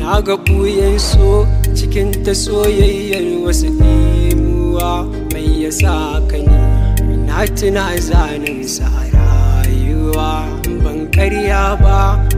na ga ɓuyen so cikin ta soyayyar wasu imuwa mai yasa ka ni na tuna zanen sa rayuwa ban karya ba